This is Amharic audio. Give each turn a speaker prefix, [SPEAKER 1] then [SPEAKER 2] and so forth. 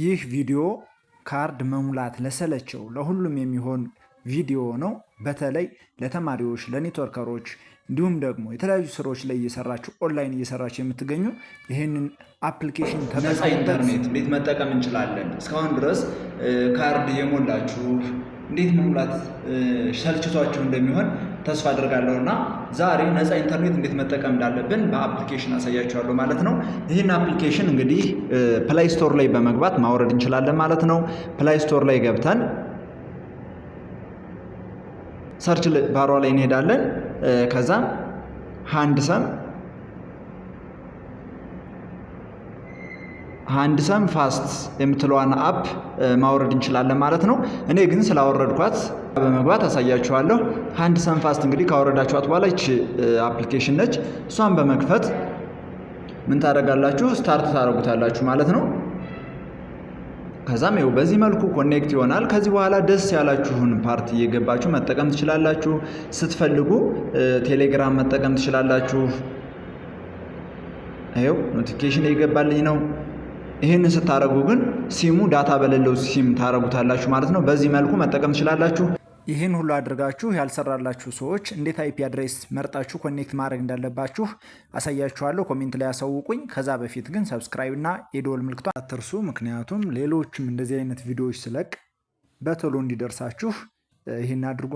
[SPEAKER 1] ይህ ቪዲዮ ካርድ መሙላት ለሰለቸው ለሁሉም የሚሆን ቪዲዮ ነው። በተለይ ለተማሪዎች፣ ለኔትወርከሮች እንዲሁም ደግሞ የተለያዩ ስራዎች ላይ እየሰራችሁ ኦንላይን እየሰራችሁ የምትገኙ ይህንን አፕሊኬሽን
[SPEAKER 2] ነፃ ኢንተርኔት እንዴት መጠቀም እንችላለን? እስካሁን ድረስ ካርድ የሞላችሁ እንዴት መሙላት ሰልችቷችሁ እንደሚሆን ተስፋ አድርጋለሁ እና ዛሬ ነፃ ኢንተርኔት እንዴት መጠቀም እንዳለብን በአፕሊኬሽን አሳያችኋለሁ ማለት ነው። ይህን አፕሊኬሽን እንግዲህ ፕላይ ስቶር ላይ በመግባት ማውረድ እንችላለን ማለት ነው። ፕላይ ስቶር ላይ ገብተን ሰርች ባሯ ላይ እንሄዳለን። ከዛም ሀንድ ሰም ሀንድ ሰም ፋስት የምትለዋን አፕ ማውረድ እንችላለን ማለት ነው። እኔ ግን ስላወረድኳት በመግባት አሳያችኋለሁ። ሀንድ ሰም ፋስት እንግዲህ ካወረዳችኋት በኋላ ይች አፕሊኬሽን ነች። እሷን በመክፈት ምን ታደርጋላችሁ? ስታርት ታደርጉታላችሁ ማለት ነው። ከዛም ይኸው በዚህ መልኩ ኮኔክት ይሆናል። ከዚህ በኋላ ደስ ያላችሁን ፓርት እየገባችሁ መጠቀም ትችላላችሁ። ስትፈልጉ ቴሌግራም መጠቀም ትችላላችሁ። ይኸው ኖቲፊኬሽን እየገባልኝ ነው። ይህን ስታደርጉ ግን ሲሙ ዳታ በሌለው ሲም ታደርጉታላችሁ ማለት ነው። በዚህ መልኩ መጠቀም ትችላላችሁ።
[SPEAKER 1] ይህን ሁሉ አድርጋችሁ ያልሰራላችሁ ሰዎች እንዴት አይፒ አድሬስ መርጣችሁ ኮኔክት ማድረግ እንዳለባችሁ አሳያችኋለሁ። ኮሜንት ላይ ያሳውቁኝ። ከዛ በፊት ግን ሰብስክራይብ እና የደወል ምልክቷን አትርሱ። ምክንያቱም ሌሎችም እንደዚህ አይነት ቪዲዮዎች ስለቅ በቶሎ እንዲደርሳችሁ ይህን አድርጉ።